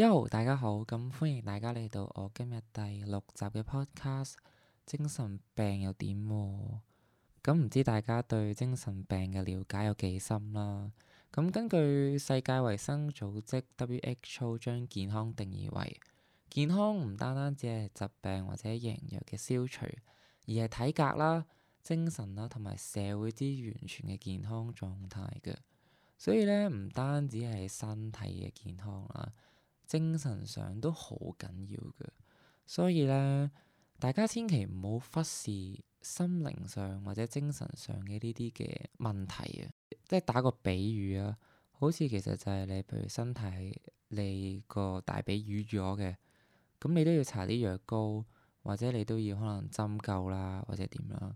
Yo，大家好，咁歡迎大家嚟到我今日第六集嘅 Podcast。精神病又點喎？咁唔知大家對精神病嘅了解有幾深啦？咁根據世界衛生組織 （WHO） 將健康定義為健康唔單單只係疾病或者羸弱嘅消除，而係體格啦、精神啦同埋社會之完全嘅健康狀態嘅。所以咧，唔單止係身體嘅健康啦。精神上都好緊要嘅，所以咧，大家千祈唔好忽視心靈上或者精神上嘅呢啲嘅問題啊！即係打個比喻啊，好似其實就係你，譬如身體你個大髀瘀咗嘅，咁你都要搽啲藥膏，或者你都要可能針灸啦，或者點啦。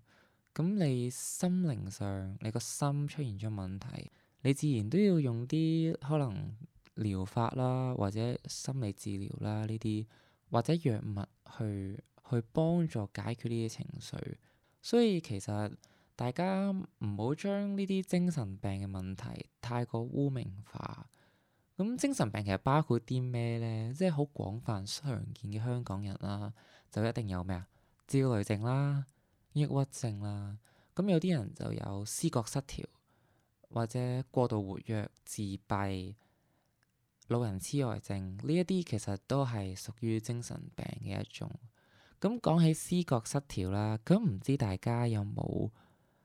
咁你心靈上你個心出現咗問題，你自然都要用啲可能。療法啦，或者心理治療啦，呢啲或者藥物去去幫助解決呢啲情緒。所以其實大家唔好將呢啲精神病嘅問題太過污名化。咁精神病其實包括啲咩呢？即係好廣泛常見嘅香港人啦，就一定有咩呀？焦慮症啦、抑鬱症啦。咁有啲人就有思覺失調，或者過度活躍、自閉。老人痴呆、呃、症呢一啲，其實都係屬於精神病嘅一種。咁、嗯、講起思覺失調啦，咁、嗯、唔知大家有冇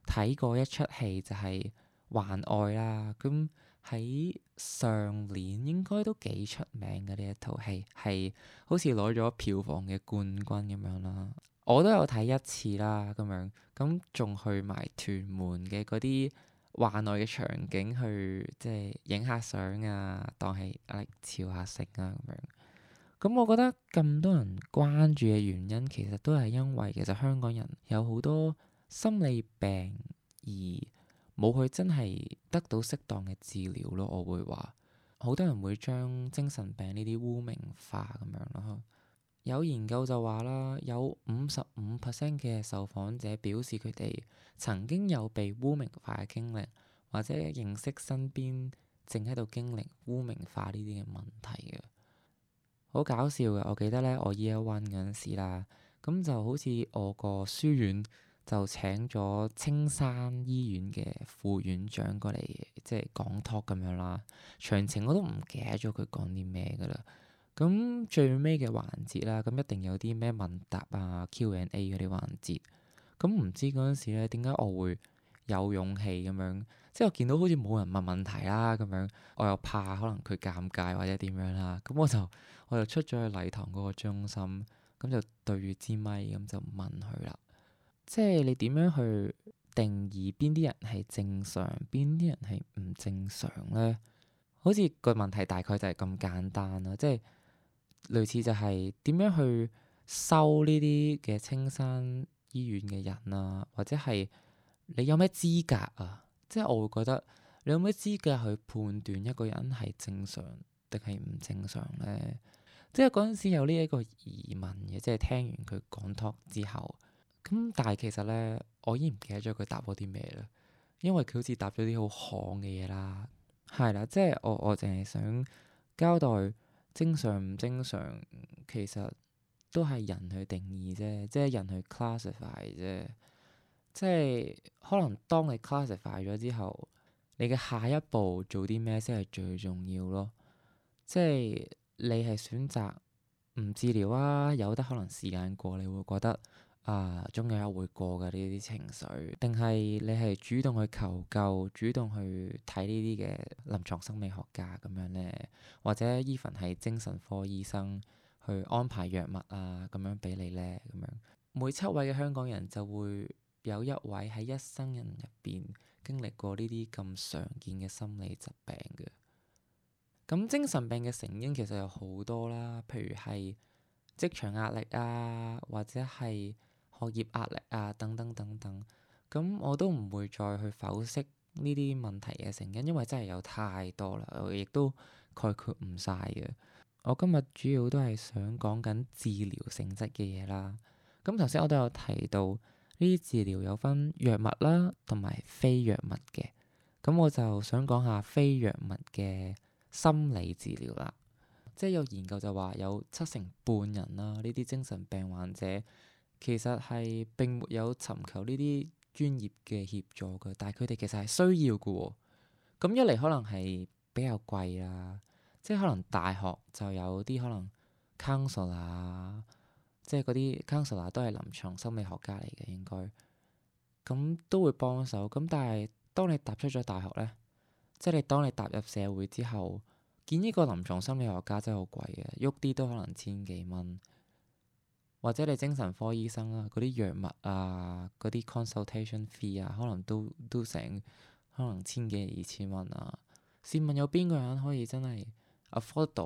睇過一出戲就係、是《幻愛》啦？咁、嗯、喺上年應該都幾出名嘅呢一套戲，係好似攞咗票房嘅冠軍咁樣啦。我都有睇一次啦，咁樣咁仲、嗯、去埋屯門嘅嗰啲。畫內嘅場景去即係影下相啊，當係嚟朝下城啊咁樣。咁我覺得咁多人關注嘅原因，其實都係因為其實香港人有好多心理病而冇去真係得到適當嘅治療咯。我會話好多人會將精神病呢啲污名化咁樣咯。有研究就話啦，有五十五 percent 嘅受訪者表示佢哋曾經有被污名化嘅經歷，或者認識身邊正喺度經歷污名化呢啲嘅問題嘅。好搞笑嘅，我記得咧我 year one 嗰陣時啦，咁就好似我個書院就請咗青山醫院嘅副院長過嚟，即係講 talk 咁樣啦，詳情我都唔記得咗佢講啲咩㗎啦。咁最尾嘅環節啦，咁一定有啲咩問答啊、Q and A 嗰啲環節。咁唔知嗰陣時咧，點解我會有勇氣咁樣？即係我見到好似冇人問問題啦，咁樣我又怕可能佢尷尬或者點樣啦，咁我就我就出咗去禮堂嗰個中心，咁就對住支咪咁就問佢啦。即係你點樣去定義邊啲人係正常，邊啲人係唔正常咧？好似個問題大概就係咁簡單啦，即係。類似就係點樣去收呢啲嘅青山醫院嘅人啊，或者係你有咩資格啊？即係我會覺得你有咩資格去判斷一個人係正常定係唔正常咧？即係嗰陣時有呢一個疑問嘅，即係聽完佢講 talk 之後，咁但係其實咧，我已經唔記得咗佢答咗啲咩嘞，因為佢好似答咗啲好悍嘅嘢啦，係啦，即係我我淨係想交代。正常唔正常，其實都係人去定義啫，即係人去 classify 啫。即係可能當你 classify 咗之後，你嘅下一步做啲咩先係最重要咯。即係你係選擇唔治療啊，有得可能時間過，你會覺得。啊，終有一會過嘅呢啲情緒，定係你係主動去求救，主動去睇呢啲嘅臨床生理學家咁樣咧，或者伊 v e 係精神科醫生去安排藥物啊咁樣俾你咧咁樣。每七位嘅香港人就會有一位喺一生人入邊經歷過呢啲咁常見嘅心理疾病嘅。咁精神病嘅成因其實有好多啦，譬如係職場壓力啊，或者係。學業壓力啊，等等等等，咁我都唔會再去剖析呢啲問題嘅成因，因為真係有太多啦，我亦都概括唔晒嘅。我今日主要都係想講緊治療性質嘅嘢啦。咁頭先我都有提到呢啲治療有分藥物啦，同埋非藥物嘅。咁我就想講下非藥物嘅心理治療啦，即係有研究就話有七成半人啦，呢啲精神病患者。其實係並沒有尋求呢啲專業嘅協助嘅，但係佢哋其實係需要嘅喎、哦。咁一嚟可能係比較貴啦，即係可能大學就有啲可能 counselor 啊，即係嗰啲 counselor 都係臨牀心理學家嚟嘅應該，咁都會幫手。咁但係當你踏出咗大學咧，即係你當你踏入社會之後，見呢個臨牀心理學家真係好貴嘅，喐啲都可能千幾蚊。或者你精神科醫生啦，嗰啲藥物啊，嗰啲 consultation fee 啊，可能都都成可能千幾二千蚊啊。試問有邊個人可以真係 afford 到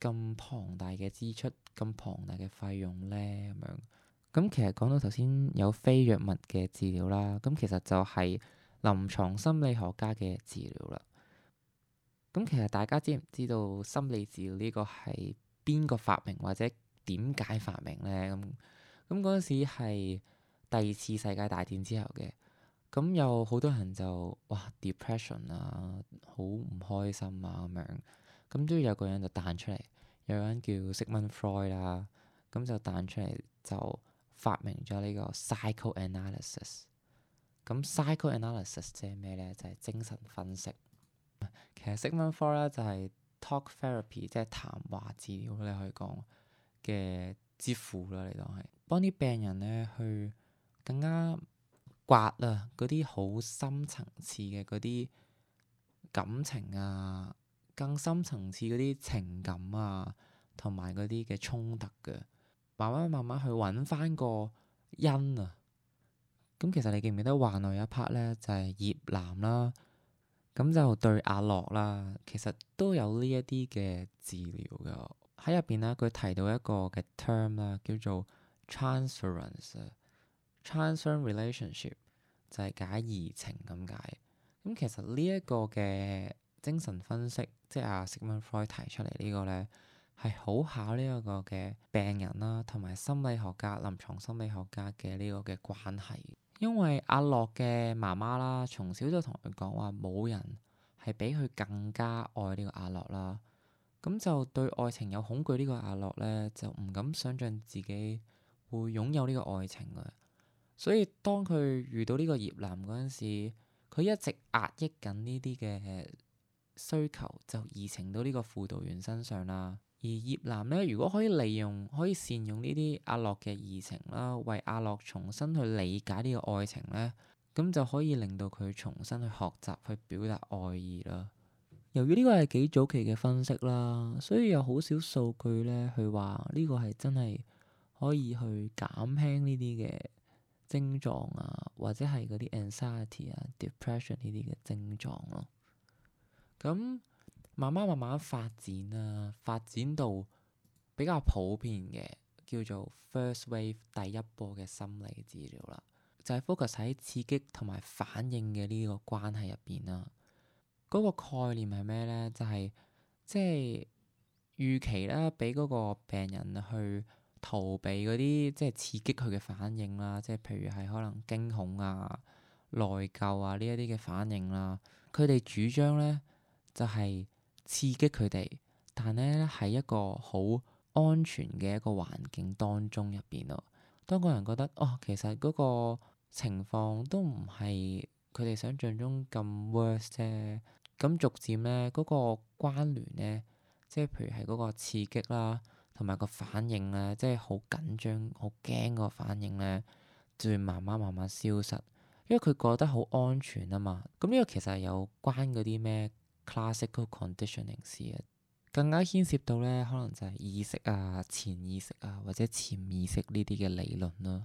咁龐大嘅支出、咁龐大嘅費用咧？咁樣咁其實講到頭先有非藥物嘅治療啦，咁其實就係臨床心理學家嘅治療啦。咁其實大家知唔知道心理治療呢個係邊個發明或者？點解發明咧？咁咁嗰陣時係第二次世界大戰之後嘅，咁有好多人就哇 depression 啊，好唔開心啊咁樣，咁跟住有個人就彈出嚟，有個人叫 Sigmund Freud 啦、啊，咁就彈出嚟就發明咗呢個 psychoanalysis。咁 psychoanalysis 即係咩咧？就係、是、精神分析。其實 Sigmund Freud 咧就係 talk therapy，即係談話治療，你可以講。嘅支付啦，你當係幫啲病人咧去更加刮啊嗰啲好深層次嘅嗰啲感情啊，更深層次嗰啲情感啊，同埋嗰啲嘅衝突嘅，慢慢慢慢去揾翻個因啊。咁其實你記唔記得患內有一 part 咧，就係、是、葉藍啦，咁就對阿樂啦，其實都有呢一啲嘅治療㗎。喺入邊咧，佢提到一個嘅 term 啦，叫做 transference，transference trans relationship，就係解移情咁解。咁其實呢一個嘅精神分析，即係阿 Sigmund Freud 提出嚟呢個咧，係好考呢一個嘅病人啦，同埋心理學家、臨床心理學家嘅呢個嘅關係。因為阿樂嘅媽媽啦，從小就同佢講話，冇人係比佢更加愛呢個阿樂啦。咁就對愛情有恐懼呢個阿樂咧，就唔敢想象自己會擁有呢個愛情嘅。所以當佢遇到呢個葉楠嗰陣時，佢一直壓抑緊呢啲嘅需求，就移情到呢個輔導員身上啦。而葉楠咧，如果可以利用可以善用呢啲阿樂嘅移情啦，為阿樂重新去理解呢個愛情咧，咁就可以令到佢重新去學習去表達愛意啦。由於呢個係幾早期嘅分析啦，所以有好少數據咧，佢話呢個係真係可以去減輕呢啲嘅症狀啊，或者係嗰啲 anxiety 啊、depression 呢啲嘅症狀咯、啊。咁慢慢慢慢發展啊，發展到比較普遍嘅叫做 first wave 第一波嘅心理治療啦，就係、是、focus 喺刺激同埋反應嘅呢個關係入邊啦。嗰個概念係咩咧？就係即係預期啦，俾嗰個病人去逃避嗰啲即係刺激佢嘅反應啦。即係譬如係可能驚恐啊、內疚啊呢一啲嘅反應啦。佢哋主張咧就係刺激佢哋，但咧喺一個好安全嘅一個環境當中入邊咯。當個人覺得哦，其實嗰個情況都唔係佢哋想象中咁 worse 啫。咁逐漸咧，嗰個關聯咧，即係譬如係嗰個刺激啦，同埋個反應咧，即係好緊張、好驚嗰個反應咧，就會慢慢慢慢消失，因為佢覺得好安全啊嘛。咁呢個其實係有關嗰啲咩 classical conditioning 事嘅，更加牽涉到咧，可能就係意識啊、潛意識啊或者潛意識呢啲嘅理論咯。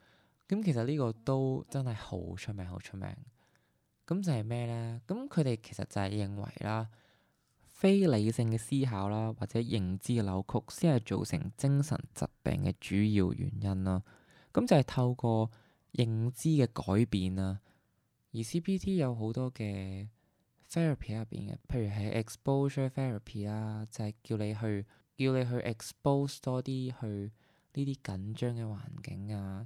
咁其實呢個都真係好出名，好出名。咁就係咩咧？咁佢哋其實就係認為啦，非理性嘅思考啦，或者認知嘅扭曲先係造成精神疾病嘅主要原因啦。咁就係透過認知嘅改變啦。而 CBT 有好多嘅 therapy 入邊嘅，譬如係 exposure therapy 啦，就係叫你去叫你去 expose 多啲去呢啲緊張嘅環境啊。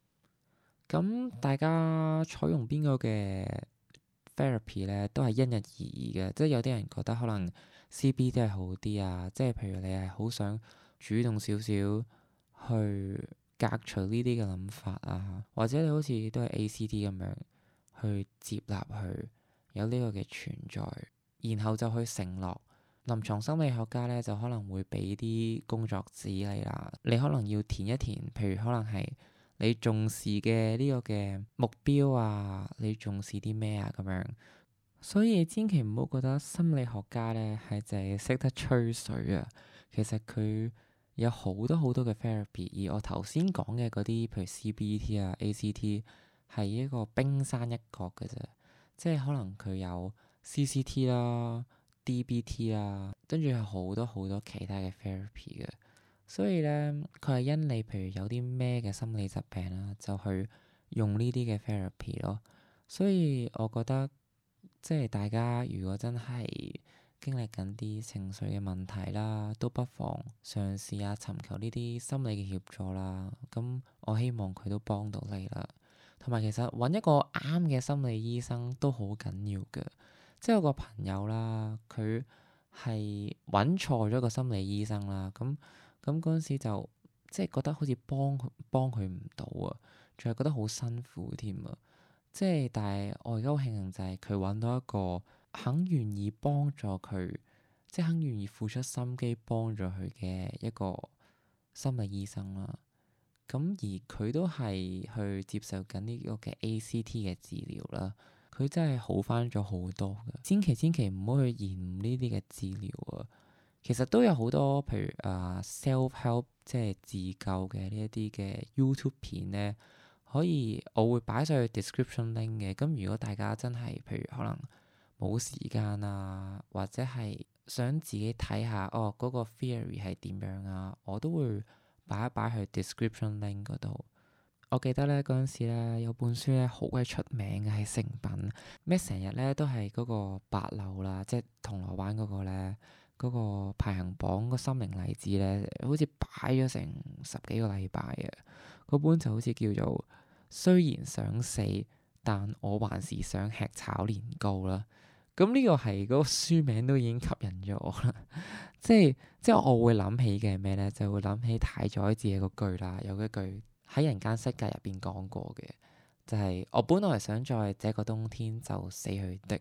咁大家採用邊個嘅 therapy 咧，都係因人而異嘅。即係有啲人覺得可能 CBT 係好啲啊，即係譬如你係好想主動少少去隔除呢啲嘅諗法啊，或者你好似都係 ACT 咁樣去接納佢有呢個嘅存在，然後就去承諾。臨床心理學家咧就可能會俾啲工作紙你啦，你可能要填一填，譬如可能係。你重視嘅呢個嘅目標啊，你重視啲咩啊咁樣，所以你千祈唔好覺得心理學家咧係淨係識得吹水啊，其實佢有好多好多嘅 therapy，而我頭先講嘅嗰啲，譬如 CBT 啊、ACT 係一個冰山一角嘅啫，即係可能佢有 CCT 啦、啊、DBT 啦、啊，跟住係好多好多其他嘅 therapy 嘅。所以咧，佢係因你，譬如有啲咩嘅心理疾病啦，就去用呢啲嘅 therapy 咯。所以我覺得，即係大家如果真係經歷緊啲情緒嘅問題啦，都不妨嘗試下、啊、尋求呢啲心理嘅協助啦。咁我希望佢都幫到你啦。同埋其實揾一個啱嘅心理醫生都好緊要㗎。即係我個朋友啦，佢係揾錯咗個心理醫生啦。咁咁嗰陣時就即係、就是、覺得好似幫佢幫佢唔到啊，仲係覺得好辛苦添啊！即係但係我而家好慶幸就係佢揾到一個肯願意幫助佢，即係肯願意付出心機幫助佢嘅一個心理醫生啦。咁而佢都係去接受緊呢個嘅 ACT 嘅治療啦，佢真係好翻咗好多㗎。千祈千祈唔好去延誤呢啲嘅治療啊！其實都有好多，譬如啊、呃、self help 即係自救嘅呢一啲嘅 YouTube 片咧，可以我會擺上去 description link 嘅。咁如果大家真係譬如可能冇時間啊，或者係想自己睇下哦嗰、那個 theory 係點樣啊，我都會擺一擺去 description link 嗰度。我記得咧，嗰陣時咧，有本書咧好鬼出名嘅係《成品》，咩成日咧都係嗰個八樓啦，即係銅鑼灣嗰個咧。嗰個排行榜個心靈例子咧，好似擺咗成十幾個禮拜啊！嗰本就好似叫做《雖然想死，但我還是想吃炒年糕》啦。咁呢個係嗰、那個書名都已經吸引咗我啦。 即係即係我會諗起嘅咩咧，就會諗起太宰治嗰句啦。有一句喺《人間失格》入邊講過嘅，就係、是、我本來想在這個冬天就死去的。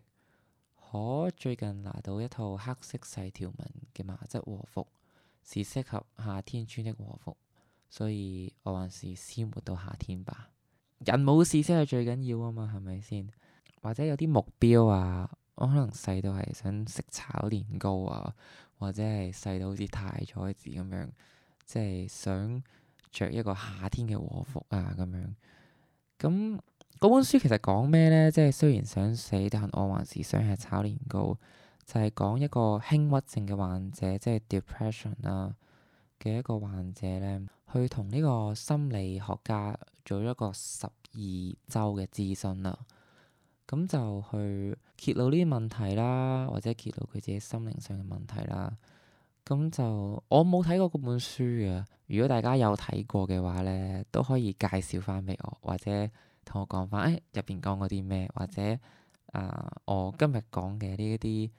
我最近拿到一套黑色細條紋嘅麻質和服，是適合夏天穿的和服，所以我還是先活到夏天吧。人冇事先係最緊要啊嘛，係咪先？或者有啲目標啊，我可能細到係想食炒年糕啊，或者係細到好似太宰治咁樣，即係想着一個夏天嘅和服啊，咁樣，咁。嗰本書其實講咩咧？即係雖然想死，但係我還是想吃炒年糕。就係、是、講一個輕鬱症嘅患者，即係 depression 啦嘅一個患者咧，去同呢個心理學家做一個十二週嘅諮詢啦。咁就去揭露呢啲問題啦，或者揭露佢自己心靈上嘅問題啦。咁就我冇睇過嗰本書啊。如果大家有睇過嘅話咧，都可以介紹翻俾我，或者～同我講翻，誒入邊講過啲咩，或者啊、呃，我今日講嘅呢一啲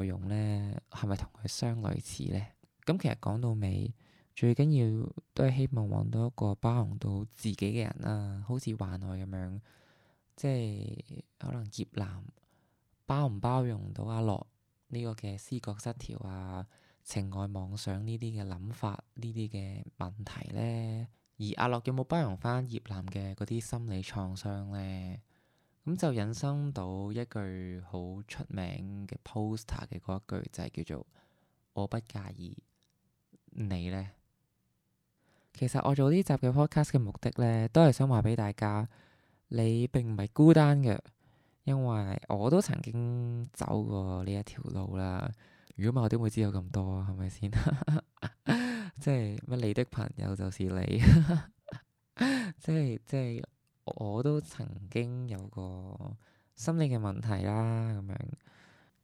內容咧，係咪同佢相類似咧？咁其實講到尾，最緊要都係希望揾到一個包容到自己嘅人啦、啊，好似幻愛咁樣，即係可能葉嵐包唔包容到阿樂呢個嘅思覺失調啊、情愛妄想呢啲嘅諗法、呢啲嘅問題咧。而阿樂有冇包容翻葉藍嘅嗰啲心理創傷呢？咁就引申到一句好出名嘅 poster 嘅嗰一句就係、是、叫做我不介意你呢。」其實我做呢集嘅 podcast 嘅目的呢，都係想話俾大家，你並唔係孤單嘅，因為我都曾經走過呢一條路啦。如果唔係，我點會知有咁多？係咪先？ 即係咩？你的朋友就是你 即是。即係即係，我都曾經有個心理嘅問題啦，咁樣。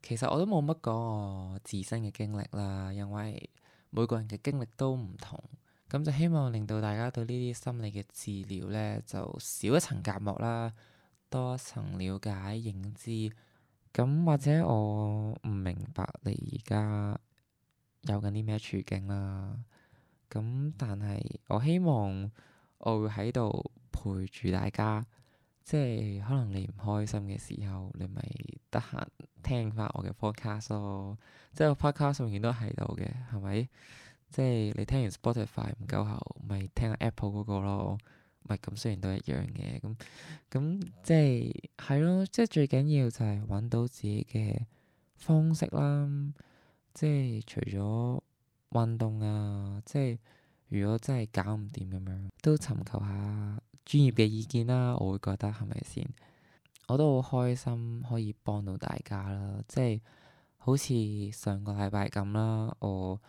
其實我都冇乜講我自身嘅經歷啦，因為每個人嘅經歷都唔同。咁就希望令到大家對呢啲心理嘅治療咧，就少一層隔膜啦，多一層了解認知。咁或者我唔明白你而家，有緊啲咩處境啦？咁但係我希望我會喺度陪住大家，即係可能你唔開心嘅時候，你咪得閒聽翻我嘅 podcast 咯。即係我 podcast 永遠都喺度嘅，係咪？即係你聽完 Spotify 唔夠喉，咪聽下 Apple 嗰個咯。咪咁雖然都一樣嘅，咁咁即係係咯。即係最緊要就係揾到自己嘅方式啦。即係除咗運動啊，即係如果真係搞唔掂咁樣，都尋求下專業嘅意見啦。我會覺得係咪先？我都好開心可以幫到大家啦。即係好似上個禮拜咁啦，我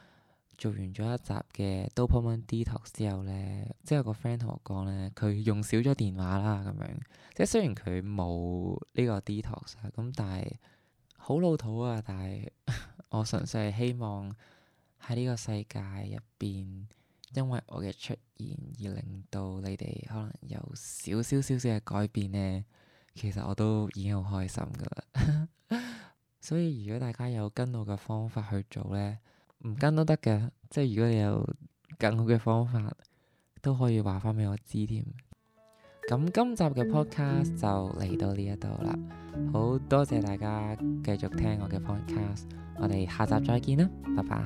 做完咗一集嘅 Dopamine Detox 之後咧，即係個 friend 同我講咧，佢用少咗電話啦咁樣。即係雖然佢冇呢個 detox 啊，咁但係好老土啊，但係。 我純粹係希望喺呢個世界入邊，因為我嘅出現而令到你哋可能有少少少少嘅改變咧，其實我都已經好開心噶啦。 所以如果大家有跟我嘅方法去做咧，唔跟都得嘅，即係如果你有更好嘅方法，都可以話翻俾我知添。咁今集嘅 podcast 就嚟到呢一度啦，好多謝大家繼續聽我嘅 podcast，我哋下集再見啦，拜拜。